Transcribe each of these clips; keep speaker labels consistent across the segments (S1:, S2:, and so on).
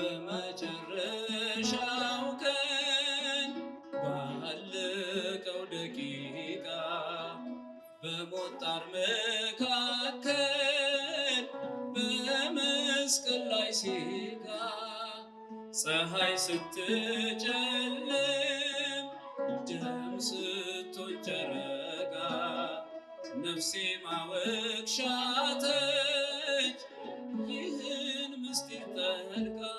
S1: በመጨረሻው ቀን ባለቀው ደቂቃ በሞጣር መካከል በመስቀል ላይ ሲጋ ፀሐይ ስትጨልም ደም ስትሆን ጨረቃ ነፍሴ ማወቅ ሻተች ይህን ምስጢር ጠልቃ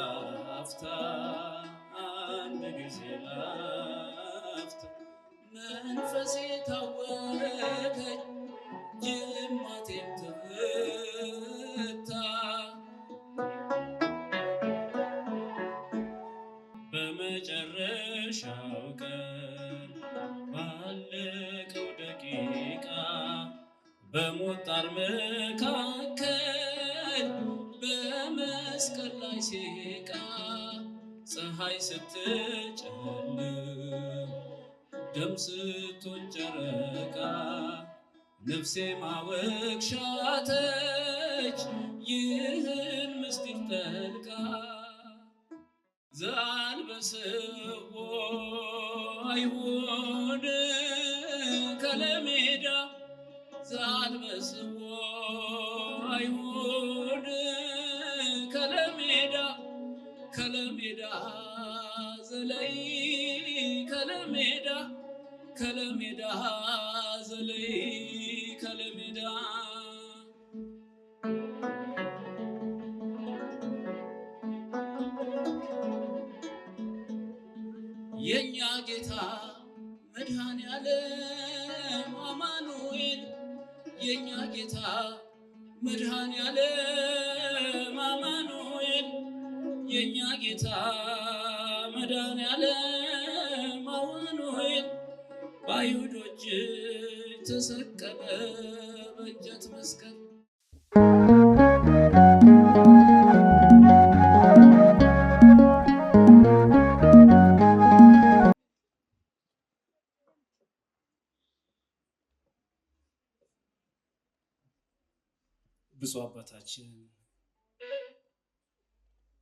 S1: ላፍታ አንድ ጊዜ ላፍታ መንፈሴ ታወከኝ ጅማቴም ተመታ በመጨረሻው ቀን ባለቀው ደቂቃ በሞት ጣር መካከል ሲቃ ፀሐይ ስትጨልም ደም ስትሆን ጨረቃ ነፍሴ ማወቅ ሻተች ይህን ምስጢር ጠልቃ ከለሜዳ ከለሜዳ ዘለይ ከለሜዳ ከለሜዳ ዘለይ ከለሜዳ የእኛ ጌታ መድኃኔዓለም አማኑኤል የእኛ ጌታ መድኃኔዓለም አማኑኤል የእኛ ጌታ መዳን መድኃኔዓለም አውኖይን በአይሁዶች ተሰቀለ በእንጨት መስቀል።
S2: ብፁዕ አባታችን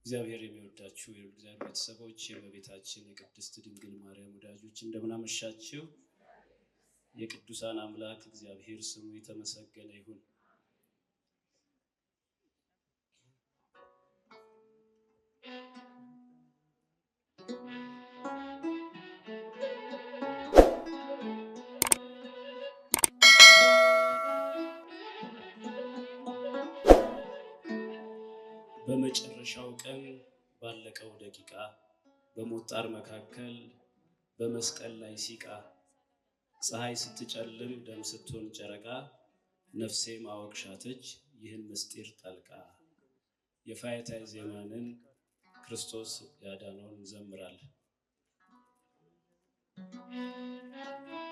S2: እግዚአብሔር የሚወዳችሁ የልዑል እግዚአብሔር ቤተሰቦች የእመቤታችን የቅድስት ድንግል ማርያም ወዳጆች እንደምናመሻችው የቅዱሳን አምላክ እግዚአብሔር ስሙ የተመሰገነ ይሁን። ባለቀው ደቂቃ በሞጣር መካከል በመስቀል ላይ ሲቃ ፀሐይ ስትጨልም ደም ስትሆን ጨረቃ ነፍሴ ማወቅ ሻተች ይህን ምስጢር ጠልቃ። የፋይታይ ዜማንን ክርስቶስ ያዳነውን you.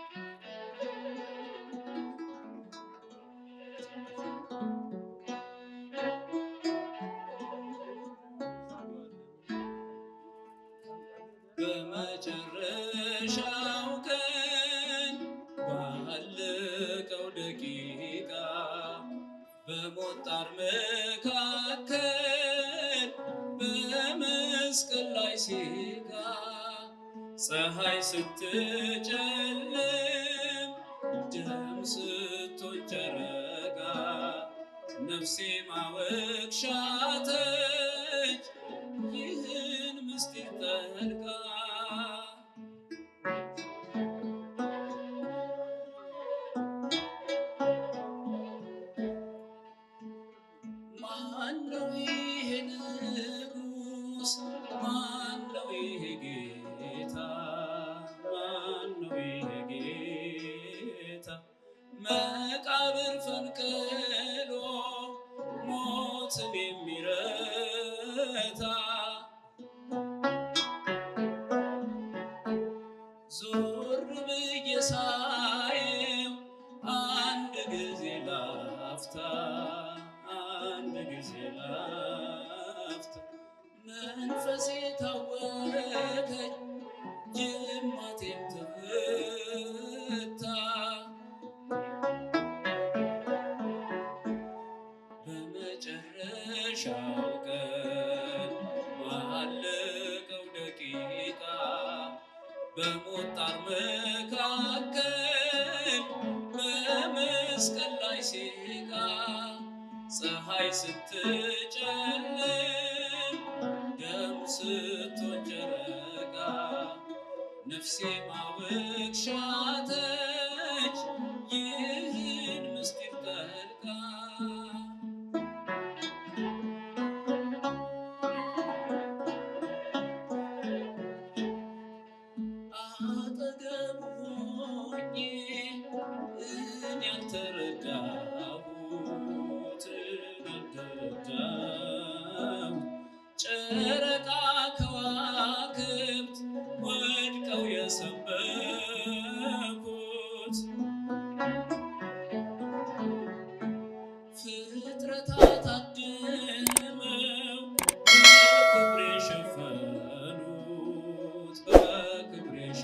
S1: በመጨረሻው ቀን ባለቀው ደቂቃ በሞት ጣር መካከል በመስቀል ላይ ሲጋ ፀሐይ ስትጨልም ደም ስትሆን ነፍሴ ማወቅ ሻተች ይህን ምስጢር ጠልቃ ዞር ብዬ ሳየው አንድ ጊዜ ላፍታ አንድ ጊዜ ላፍታ መንፈሴ ታወ በቁጣር መካከል በመስቀል ላይ ሲቃ ፀሐይ ስትጨልም ደም ስትሆን ጨረቃ ነፍሴ ማወቅ ሻተ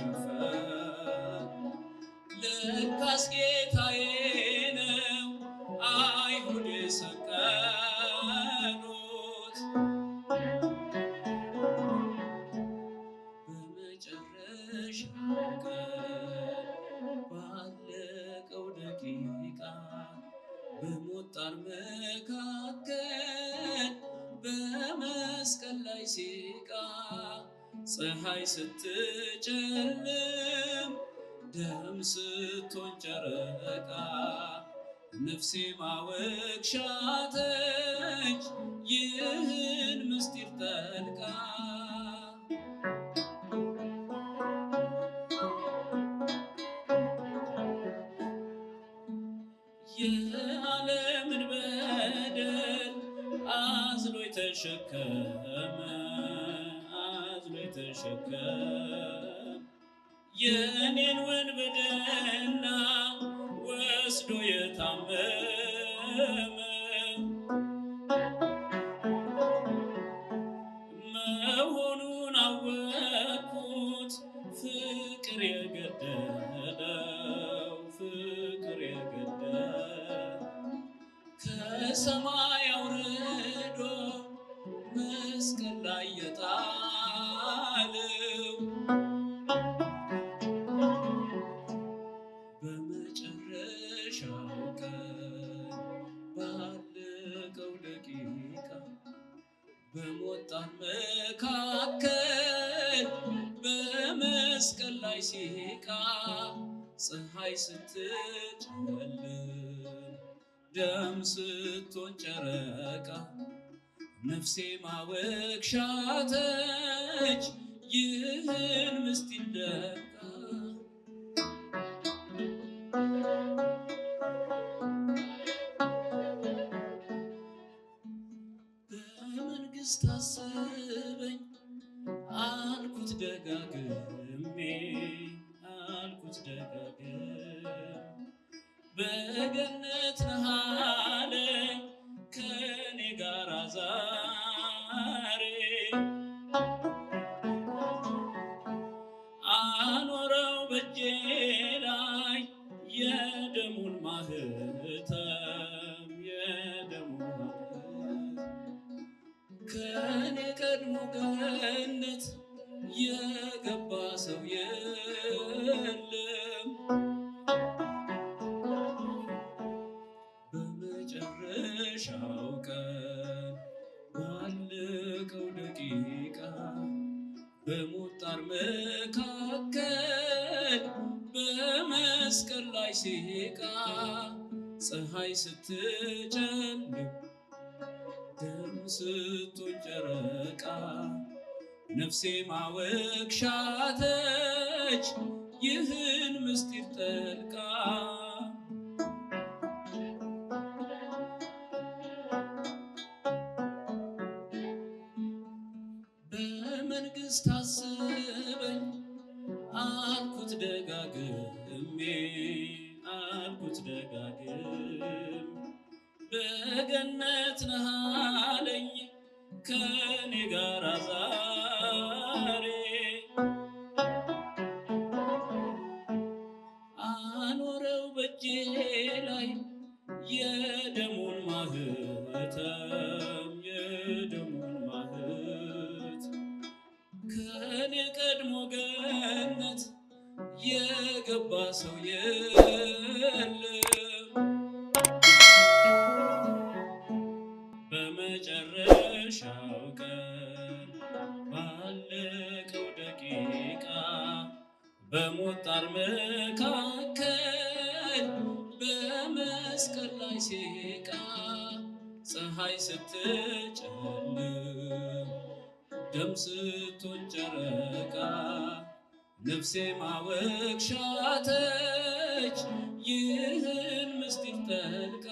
S1: Revelation ፀሐይ ስትጨልም ደም ስትሆን ጨረቃ ነፍሴ ማወቅ ሻተች ይህን ምስጢር ጠልቃ የዓለምን በደል አዝሎ የተሸከመ መሸከም የእኔን ወንበደና ወስዶ የታመም ፀሐይ ስትጨልም ደም ስትሆን ጨረቃ ነፍሴ ማወቅ ሻተች ይህን ምስጢር ደቃ በመንግስት በእጄ ላይ የደሙን ማህተም የደሙን ከኔ ቀድሞ ገነት የገባ ሰው ጨረቃ ፀሐይ ስትጨልም ደም ስጡን ጨረቃ ነፍሴ ማወቅ ሻተች ይህን ምስጢር ጠልቃ በመንግስት አስበኝ አልኩት ደጋግሜ አልኩት ደጋግም በገነት ነህ አለኝ ከኔ ጋር ዛሬ የገባ ሰው የለም። በመጨረሻው ቀን ባለቀው ደቂቃ በሞጣር መካከል በመስቀል ላይ ሲቃ ፀሐይ ስትጨልም ደም ስትሆን ጨረቃ ነፍሴ ማወቅ ሻተች ይህን ምስጢር ጠልቃ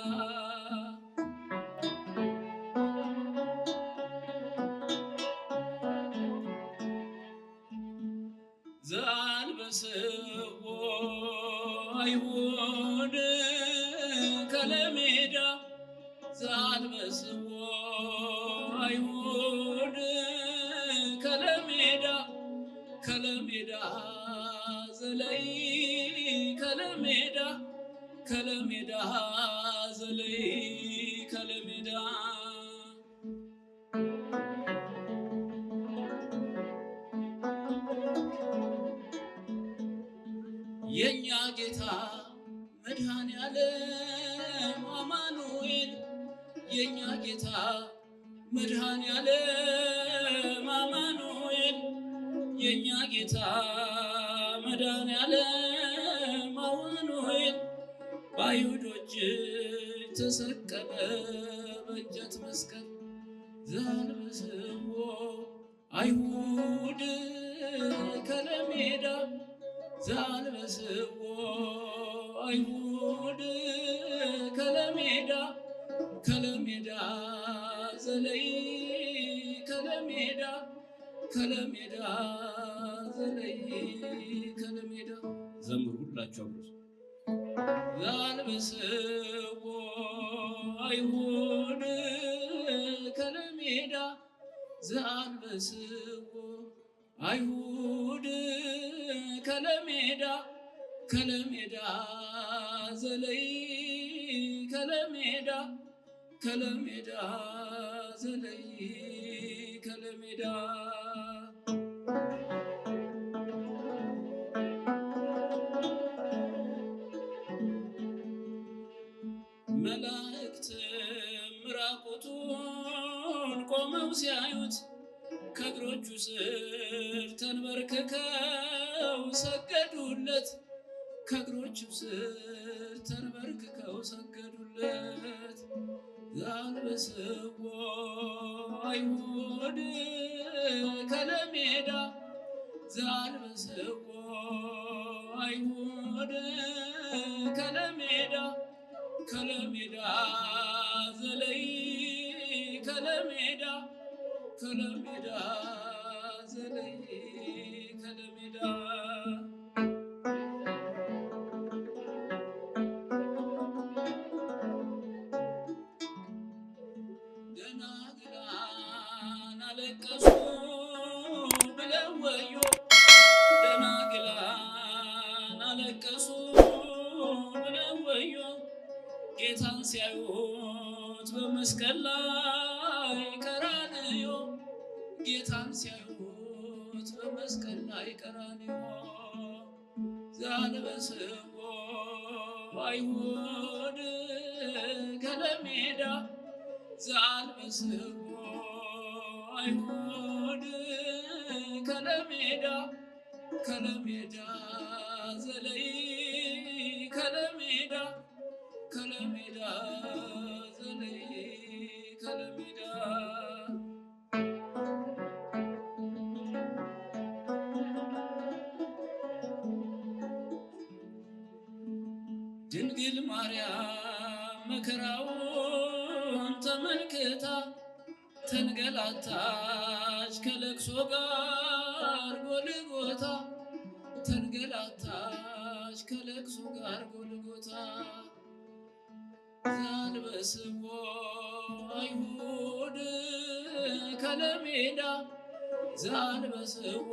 S1: ዘለይ ከለሜዳ ከለሜዳ ዘለይ ከለሜዳ የእኛ ጌታ መድኃኔ ዓለም አማኑኤል የእኛ ጌታ መድኃኔ ዓለም አማኑኤል የእኛ ጌታ ለዘላለም አዋኗል በአይሁዶች ተሰቀለ በእንጨት መስቀል ዘአንበስዎ አይሁድ ከለሜዳ ዘአንበስዎ አይሁድ ከለሜዳ ከለሜዳ ዘለይ ከለሜዳ ከለሜዳ ዘለይ ከለሜዳ
S2: ዘምሩ ሁላችሁ አብረው
S1: ላልበስዎ አይሆን ከለሜዳ ዛልበስዎ አይሁድ ከለሜዳ ከለሜዳ ዘለይ ከለሜዳ ከለሜዳ ዘለይ ከለሜዳ መላእክት ምራቁቱን ቆመው ሲያዩት ከእግሮቹ ስር ተንበርክከው ሰገዱለት። ከእግሮችም ስር ተንበርክከው ሰገዱለት። ዛልበስዎ አይሁድ ከለሜዳ ዛልበስዎ አይሁድ ከለሜዳ ከለሜዳ ዘለይ ከለሜዳ ከለሜዳ ዘለይ አለቀሱ ብለው ጌታን ሲያዩት በመስቀል ላይ ቀራንዮ ጌታን ሲያዩት በመስቀል ላይ ቀራንዮ ዛንበስቦ አይሁድ ከለሜዳ ዛንበስቦ አይሁድ ከለሜዳ ከለሜዳ ዘለይ ከለሜዳ ከለሜዳ ዘለይ ከለሜዳ ድንግል ማርያም መከራውን ተመልክታ ተንገላታች ከለቅሶ ጋር ማታ ተንገላታች ከለቅሶ ጋር ጎልጎታ ዛንበስቦ አይሁድ ከለሜዳ ዛንበስቦ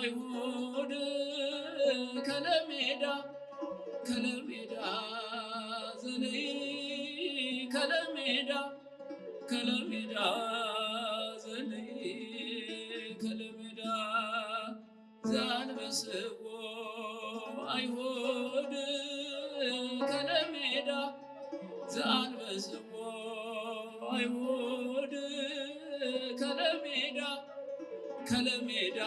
S1: አይሁድ ከለሜዳ ከለሜዳ ዘለይ ከለሜዳ ከለሜዳ ስቦ አይሁድ ከለሜዳ ዘአንበስቦ አይሁድ ከለሜዳ ከለሜዳ